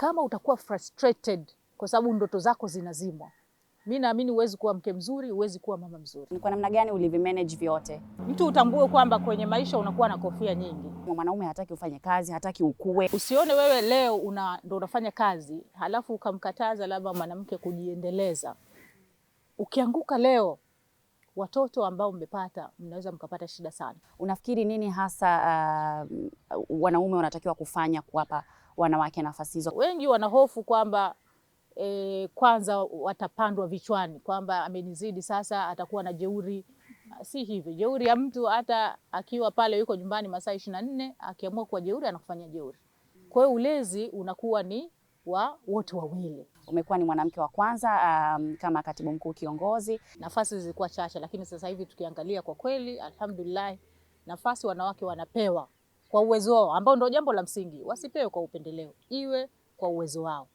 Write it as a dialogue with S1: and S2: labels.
S1: kama utakuwa frustrated kwa sababu ndoto zako zinazimwa, mi naamini huwezi kuwa mke mzuri, huwezi kuwa mama mzuri.
S2: Ni kwa namna gani ulivimanage vyote?
S1: Mtu utambue kwamba kwenye maisha unakuwa na kofia nyingi.
S2: Mwanaume hataki ufanye kazi, hataki ukue.
S1: Usione wewe leo una, ndo unafanya kazi halafu ukamkataza labda mwanamke kujiendeleza. Ukianguka leo watoto ambao mmepata mnaweza mkapata shida sana.
S2: Unafikiri nini hasa uh, wanaume wanatakiwa kufanya kuwapa wanawake nafasi hizo.
S1: Wengi wanahofu kwamba e, kwanza watapandwa vichwani kwamba amenizidi, sasa atakuwa na jeuri. Si hivyo, jeuri ya mtu hata akiwa pale yuko nyumbani masaa ishirini na nne akiamua kuwa jeuri anakufanya jeuri. Kwa hiyo ulezi unakuwa ni wa wote wawili.
S2: Umekuwa ni mwanamke wa kwanza um, kama katibu mkuu kiongozi.
S1: Nafasi zilikuwa chache, lakini sasa hivi tukiangalia kwa kweli, alhamdulillah, nafasi wanawake wanapewa kwa uwezo wao, ambao ndio jambo la msingi. Wasipewe kwa upendeleo, iwe kwa uwezo wao.